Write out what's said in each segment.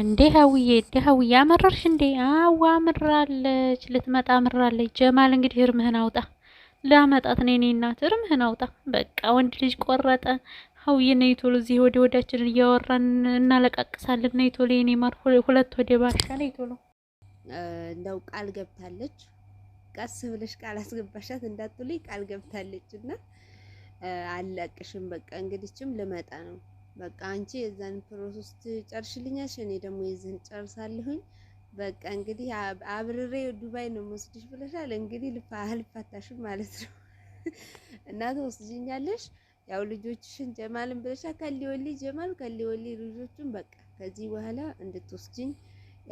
እንዴ ሀውዬ እንዴ ሀውዬ አመረርሽ እንዴ? አዋ አምራለች፣ ልትመጣ አምራለች። ጀማል እንግዲህ እርምህን አውጣ ላመጣት ነው የኔ እናት፣ እርምህን አውጣ። በቃ ወንድ ልጅ ቆረጠ። ሀውዬ ነይ ቶሎ፣ እዚህ ወደ ወዳችንን እያወራን እናለቃቅሳለን። ነይ ቶሎ የኔ ማር፣ ሁለት ወደ ባሻ ነይ ቶሎ። እንደው ቃል ገብታለች። ቀስ ብለሽ ቃል አስገባሻት እንዳትሉኝ ቃል ገብታለች እና አለቅሽም። በቃ እንግዲችም ልመጣ ነው በቃ አንቺ የዛን ፕሮሰስ ጨርሽልኛሽ፣ እኔ ደግሞ የዚህን ጨርሳለሁኝ። በቃ እንግዲህ አብርሬ ዱባይ ነው መስድሽ ብለሻል። እንግዲህ አልፋታሽም ማለት ነው እና ተወስጂኛለሽ። ያው ልጆችሽን ጀማልን ብለሻ ከሊወሊ ጀማል ከሊወሊ ልጆቹን በቃ ከዚህ በኋላ እንድትወስጂኝ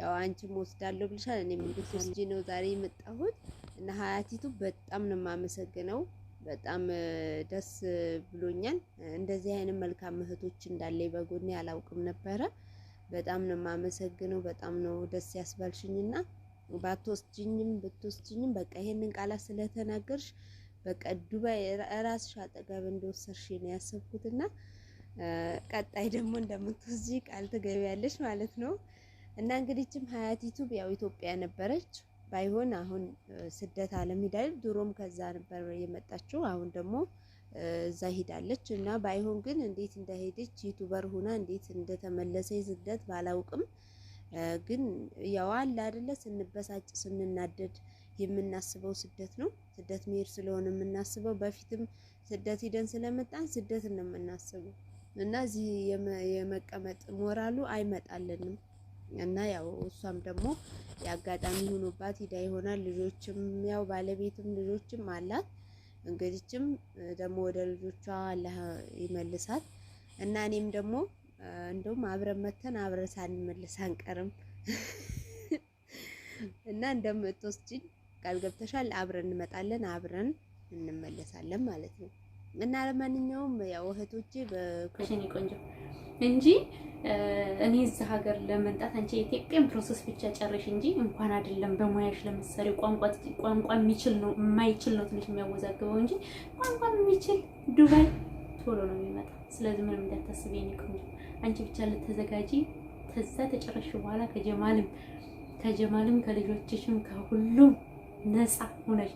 ያው አንቺም ወስዳለሁ ብለሻል። እኔም እንድትወስጂ ነው ዛሬ የመጣሁት እና ሀያቲቱ በጣም ነው የማመሰግነው። በጣም ደስ ብሎኛል። እንደዚህ አይነት መልካም እህቶች እንዳለ በጎኔ አላውቅም ነበረ። በጣም ነው የማመሰግነው። በጣም ነው ደስ ያስባልሽኝና ባትወስጂኝም ብትወስጂኝም በቃ ይሄንን ቃላት ስለተናገርሽ በቃ ዱባይ ራስሽ አጠገብ እንደወሰድሽ ነው ያሰብኩትና ቀጣይ ደግሞ እንደምትወስጂ ቃል ትገቢያለሽ ማለት ነው እና እንግዲህ ሀያት ዩቱብ ያው ኢትዮጵያ ነበረች ባይሆን አሁን ስደት አለም ሂዳለች። ድሮም ከዛ ነበር የመጣችው። አሁን ደግሞ እዛ ሄዳለች። እና ባይሆን ግን እንዴት እንደሄደች ዩቱበር ሆና እንዴት እንደተመለሰ ስደት ባላውቅም ግን ያው አለ አይደለ ስንበሳጭ ስንናደድ የምናስበው ስደት ነው። ስደት መሄድ ስለሆነ የምናስበው በፊትም ስደት ሂደን ስለመጣን ስደት ነው የምናስበው እና እዚህ የመቀመጥ ሞራሉ አይመጣልንም። እና ያው እሷም ደግሞ የአጋጣሚ ሆኖባት ሂዳ ይሆናል። ልጆችም ያው ባለቤትም ልጆችም አላት። እንግዲችም ደግሞ ወደ ልጆቿ አላህ ይመልሳት እና እኔም ደግሞ እንደውም አብረን መተን አብረን ሳንመልስ አንቀርም እና እንደምትወስጂኝ ቃል ገብተሻል። አብረን እንመጣለን፣ አብረን እንመለሳለን ማለት ነው እና ለማንኛውም ያው እህቶቼ በኮሽኒ ቆንጆ እንጂ እኔ እዚህ ሀገር ለመምጣት አንቺ የኢትዮጵያን ፕሮሰስ ብቻ ጨርሽ እንጂ እንኳን አይደለም በሙያሽ ለምሳሌ ቋንቋ ቋንቋ የሚችል ነው የማይችል ነው ትንሽ የሚያወዛግበው እንጂ ቋንቋ የሚችል ዱባይ ቶሎ ነው የሚመጣ። ስለዚህ ምንም እንዳታስብ የኔ አንቺ ብቻ ልትዘጋጂ። ከዛ ተጨረሽ በኋላ ከጀማልም ከጀማልም ከልጆችሽም ከሁሉም ነፃ ሆነሽ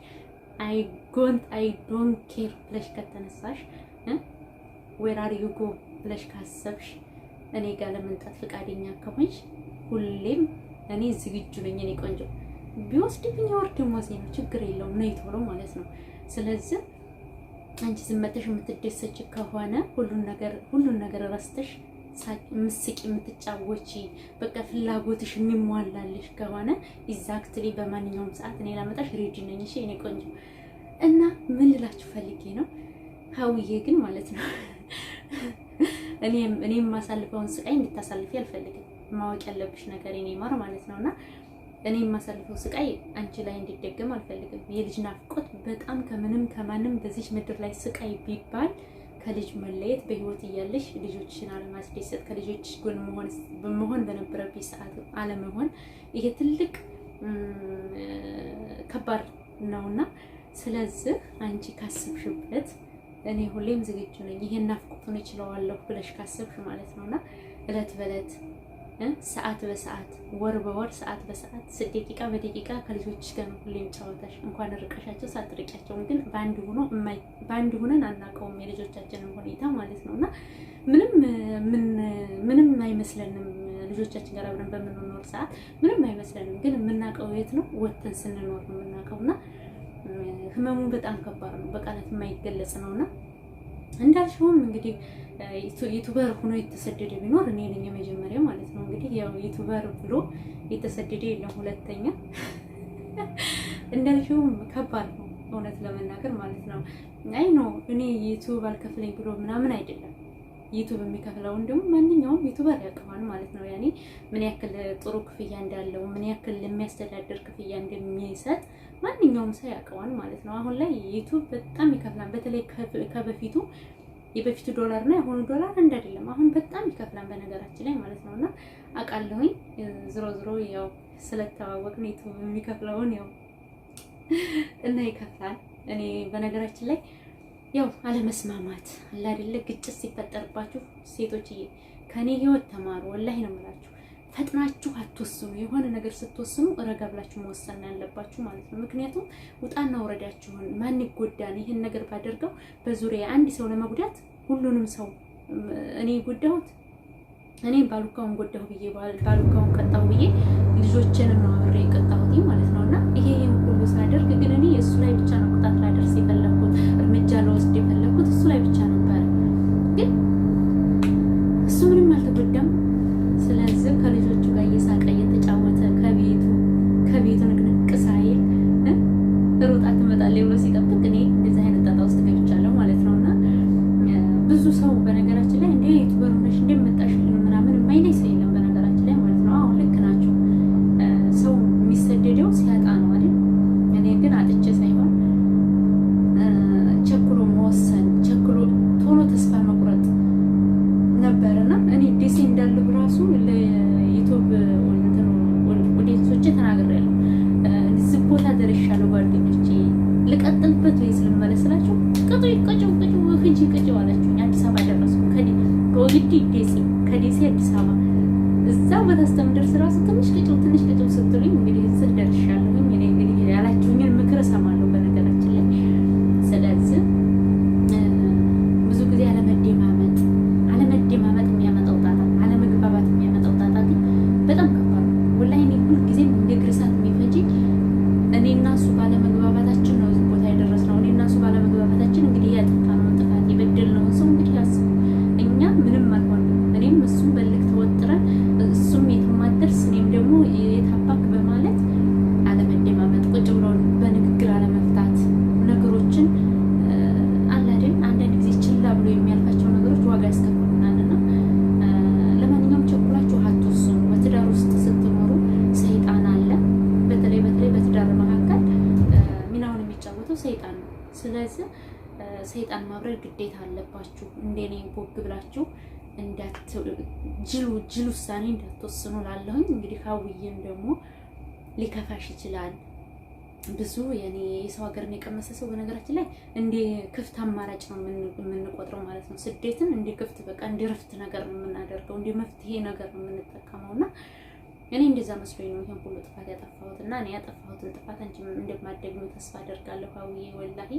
አይ ጎንት አይ ዶንት ኬር ብለሽ ከተነሳሽ ዌር አር ዩ ጎ ብለሽ ካሰብሽ እኔ ጋር ለመምጣት ፈቃደኛ ከሆንሽ ሁሌም እኔ ዝግጁ ነኝ። እኔ ቆንጆ ቢወስድብኝ ወር ደሞዝ ነው ችግር የለውም ነው ቶሎ ማለት ነው። ስለዚህ አንቺ ዝመተሽ የምትደሰች ከሆነ ሁሉን ነገር ሁሉን ነገር ረስተሽ ምስቂ የምትጫወቺ በቃ ፍላጎትሽ የሚሟላልሽ ከሆነ ኢዛክትሊ በማንኛውም ሰዓት እኔ ላመጣሽ ሬዲ ነኝ። እሺ እኔ ቆንጆ እና ምን ልላችሁ ፈልጌ ነው ሀውዬ ግን ማለት ነው እኔም እኔም የማሳልፈውን ስቃይ እንድታሳልፊ አልፈልግም። ማወቅ ያለብሽ ነገር የኔ ማር ማለት ነውና እኔ የማሳልፈው ስቃይ አንቺ ላይ እንዲደገም አልፈልግም። የልጅ ናፍቆት በጣም ከምንም ከማንም በዚች ምድር ላይ ስቃይ ቢባል ከልጅ መለየት፣ በህይወት እያለሽ ልጆችን አለማስደሰት፣ ከልጆች ጎን መሆን በነበረብሽ ሰዓት አለመሆን፣ ይሄ ትልቅ ከባድ ነውና ስለዚህ አንቺ ካስብሽበት እኔ ሁሌም ዝግጁ ነኝ። ይሄን ናፍቆቱን እችለዋለሁ ብለሽ ካሰብሽ ማለት ነውና እለት በእለት ሰዓት በሰዓት ወር በወር ሰዓት በሰዓት ደቂቃ በደቂቃ ከልጆች ጋር ነው ሁሌም ጫወታሽ እንኳን ርቀሻቸው ሳትርቂያቸውም ግን በአንድ ሆኖ በአንድ ሆነን አናውቀውም የልጆቻችንም ሁኔታ ማለት ነው እና ምንም ምንም አይመስለንም ልጆቻችን ጋር አብረን በምንኖር ሰዓት ምንም አይመስለንም። ግን የምናውቀው የት ነው ወተን ስንኖር ነው የምናውቀውና ህመሙ በጣም ከባድ ነው፣ በቃላት የማይገለጽ ነው እና እንዳልሽውም እንግዲህ ዩቱበር ሆኖ የተሰደደ ቢኖር እኔ ነኝ የመጀመሪያ ማለት ነው። እንግዲህ ያው ዩቱበር ብሎ የተሰደደ የለም። ሁለተኛ እንዳልሽውም ከባድ ነው እውነት ለመናገር ማለት ነው። አይ ነው እኔ ዩቱብ አልከፍለኝ ብሎ ምናምን አይደለም ዩቱብ የሚከፍለው እንዲሁም ማንኛውም ዩቱበር ያውቀዋል ማለት ነው። ያኔ ምን ያክል ጥሩ ክፍያ እንዳለው ምን ያክል የሚያስተዳድር ክፍያ እንደሚሰጥ ማንኛውም ሰው ያውቀዋል ማለት ነው። አሁን ላይ ዩቱብ በጣም ይከፍላል። በተለይ ከበፊቱ የበፊቱ ዶላር እና የአሁኑ ዶላር አንድ አይደለም። አሁን በጣም ይከፍላል በነገራችን ላይ ማለት ነው። እና አውቃለሁኝ ዝሮ ዝሮ ያው ስለተዋወቅን ዩቱብ የሚከፍለውን ያው እና ይከፍላል። እኔ በነገራችን ላይ ያው አለመስማማት አለ አይደለ? ግጭት ሲፈጠርባችሁ ሴቶችዬ ከኔ ህይወት ተማሩ። ወላሂ ነው የምላችሁ። ፈጥናችሁ አትወስኑ። የሆነ ነገር ስትወስኑ ረጋ ብላችሁ መወሰን ያለባችሁ ማለት ነው። ምክንያቱም ውጣና ውረዳችሁን ማን ይጎዳን? ይህን ነገር ባደርገው በዙሪያ አንድ ሰው ለመጉዳት ሁሉንም ሰው እኔ ጎዳሁት፣ እኔ ባሉካውን ጎዳሁ ብዬ ባሉካውን ቀጣሁ ብዬ ልጆችንም ነው አብሬ የቀጣሁት ማለት ነው። እና ይሄ ሁሉ ሳደርግ ግን እኔ እሱ ላይ ብቻ ነው ቁጣት ላደርስ ይፈለ እርምጃ ለወስድ የፈለኩት እሱ ላይ ብቻ ነበር፣ ግን እሱ ምንም አልተጎዳም። ቅጭው ቅጭው ህጂ ቅጭው አዲስ አበባ ደረስኩ። ከወግዲ ደሴ፣ ከደሴ አዲስ አበባ እዛ ቦታ ስተምደርስ ቅጭው ትንሽ ቅጭው ስትሉኝ እንግዲህ ስደርሻለሁኝ። እኔ እንግዲህ ያላችሁኝን ምክር እሰማለሁ። ሰይጣን ማብረር ግዴታ አለባችሁ። እንደኔ ቦግ ብላችሁ ጅል ጅል ውሳኔ እንዳትወስኑ ላለሁኝ እንግዲህ ካውዬም ደግሞ ሊከፋሽ ይችላል። ብዙ የኔ የሰው ሀገርን የቀመሰ ሰው በነገራችን ላይ እንደ ክፍት አማራጭ ነው የምንቆጥረው ማለት ነው። ስደትን እንደ ክፍት በቃ እንደ ረፍት ነገር ነው የምናደርገው፣ እንደ መፍትሄ ነገር ነው የምንጠቀመው እና እኔ እንደዛ መስሎኝ ነው ይሄን ሁሉ ጥፋት ያጠፋሁት እና እኔ ያጠፋሁትን ጥፋት አንቺ እንደማደግም ተስፋ አደርጋለሁ። አውዬ ወላሂ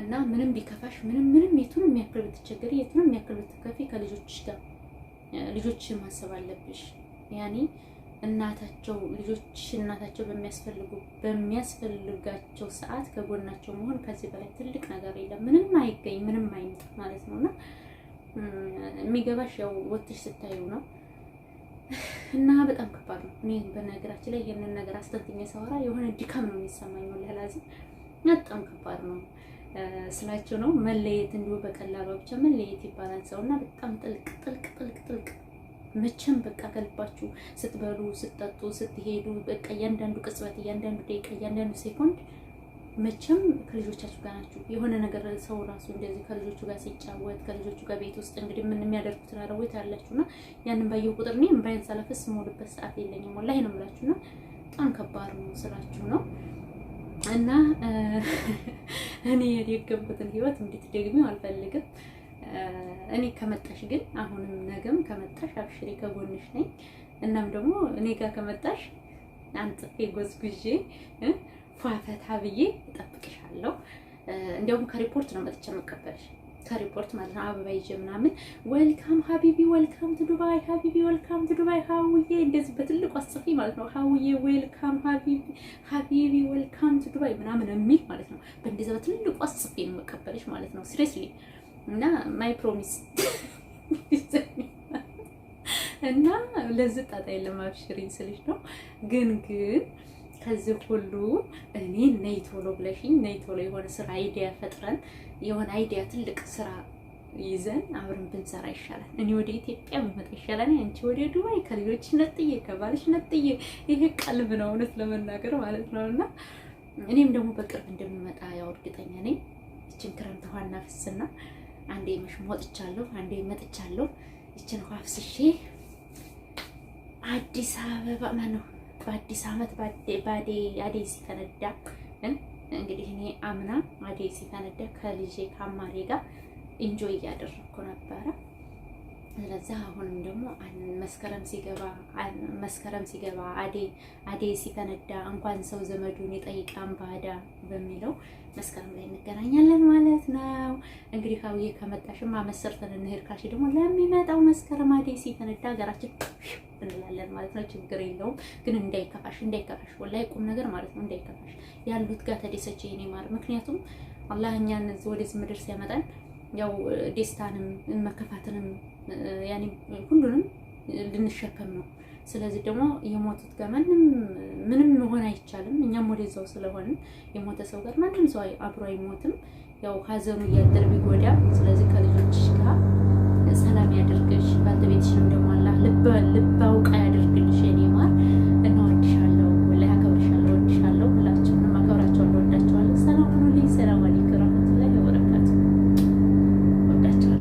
እና ምንም ቢከፋሽ ምንም ምንም የቱንም ያክል ብትቸገሪ የቱንም ያክል ብትከፊ ከልጆች ጋር ልጆችሽን ማሰብ አለብሽ። ያኔ እናታቸው ልጆች እናታቸው በሚያስፈልጉ በሚያስፈልጋቸው ሰዓት ከጎናቸው መሆን ከዚህ በላይ ትልቅ ነገር የለም። ምንም አይገኝ ምንም አይነት ማለት ነው እና የሚገባሽ ያው ወጥሽ ስታዩ ነው እና በጣም ከባድ ነው። እኔ በነገራችን ላይ ይህንን ነገር አስተንትኜ ሳወራ የሆነ ድካም ነው የሚሰማኝ። ለላዚ በጣም ከባድ ነው። ስላቸው ነው መለየት እንዲሁ በቀላሉ ብቻ መለየት ይባላል። ሰው እና በጣም ጥልቅ ጥልቅ ጥልቅ ጥልቅ መቼም በቃ ከልባችሁ ስትበሉ፣ ስትጠጡ፣ ስትሄዱ በቃ እያንዳንዱ ቅጽበት፣ እያንዳንዱ ደቂቃ፣ እያንዳንዱ ሴኮንድ መቼም ከልጆቻችሁ ጋር ናችሁ። የሆነ ነገር ሰው ራሱ እንደዚህ ከልጆቹ ጋር ሲጫወት ከልጆቹ ጋር ቤት ውስጥ እንግዲህ ምን የሚያደርጉትን አረቦት ያላችሁ እና ያንን ባየው ቁጥር እኔ እምባዬን ሳላፈስ የምውልበት ሰዓት የለኝም። ወላሂ ነው የምላችሁ እና በጣም ከባድ ነው ስራችሁ ነው እና እኔ የደገምኩትን ህይወት እንዴት እንድትደግሚው አልፈልግም። እኔ ከመጣሽ ግን አሁንም ነገም ከመጣሽ አብሽሬ ከጎንሽ ነኝ። እናም ደግሞ እኔ ጋር ከመጣሽ አንጥፌ ጎዝጉዤ ፏፈታ ብዬ እጠብቅሻለሁ። እንዲያውም ከሪፖርት ነው መጥቼ መቀበልሽ ከሪፖርት ማለት ነው። አበባ ይዤ ምናምን ወልካም ሀቢቢ ወልካም ቱ ዱባይ ሀቢቢ ወልካም ቱ ዱባይ ሀውዬ እንደዚህ በትልቁ አስጽፊ ማለት ነው። ሀውዬ ዌልካም ሀቢቢ ሀቢቢ ወልካም ቱ ዱባይ ምናምን የሚል ማለት ነው። በእንደዚህ በትልቁ አስጽፊ የምቀበልሽ ማለት ነው። ሲሪየስሊ እና ማይ ፕሮሚስ እና ለዚህ ጣጣ የለም አብሽሪኝ ስልሽ ነው ግን ግን ከዚህ ሁሉ እኔ ነይ ቶሎ ብለሽኝ ነይ ቶሎ የሆነ ስራ አይዲያ ፈጥረን የሆነ አይዲያ ትልቅ ስራ ይዘን አብረን ብንሰራ ይሻላል። እኔ ወደ ኢትዮጵያ ብመጣ ይሻላል፣ አንቺ ወደ ዱባይ ከልጆች ነጥዬ ከባልሽ ነጥዬ። ይሄ ቀልብ ነው እውነት ለመናገር ማለት ነው። እና እኔም ደግሞ በቅርብ እንደምመጣ ያው እርግጠኛ ነኝ። እችን ክረምት ውሃና ፍስና አንዴ መሽም ወጥቻለሁ፣ አንዴ መጥቻለሁ። ውሃ አዲስ አበባ ማነው በአዲስ ዓመት አዴ ሲፈነዳ እንግዲህ እኔ አምና አዴ ሲፈነዳ ከልጄ ከአማሬ ጋር ኢንጆይ እያደረግኩ ነበረ። ስለዛ አሁንም ደግሞ መስከረም ሲገባ መስከረም ሲገባ አዴ አዴ ሲፈነዳ እንኳን ሰው ዘመዱን ይጠይቃን ባዳ በሚለው መስከረም ላይ እንገናኛለን ማለት ነው። እንግዲህ ካውዬ ከመጣሽማ መሰርተን እንሄድ ካልሽ ደግሞ ለሚመጣው መስከረም አዴ ሲፈነዳ ሀገራችን እንላለን ማለት ነው። ችግር የለውም ግን እንዳይከፋሽ እንዳይከፋሽ፣ ወላሂ ቁም ነገር ማለት ነው። እንዳይከፋሽ ያሉት ጋር ተደሰች የኔ ማር። ምክንያቱም አላህ እኛን ወደዚህ ምድር ሲያመጣን ያው ደስታንም መከፋትንም ሁሉንም ልንሸከም ነው። ስለዚህ ደግሞ የሞቱት ጋር ማንም ምንም መሆን አይቻልም። እኛም ወደዛው ስለሆን የሞተ ሰው ጋር ማንም ሰው አብሮ አይሞትም። ያው ሀዘኑ እያደር ቢጎዳ። ስለዚህ ከልጆችሽ ጋር ሰላም ያደርግሽ። ባለቤትሽንም ደግሞ አላህ ልብ አውቃ ያደርግልሽ የኔ ማር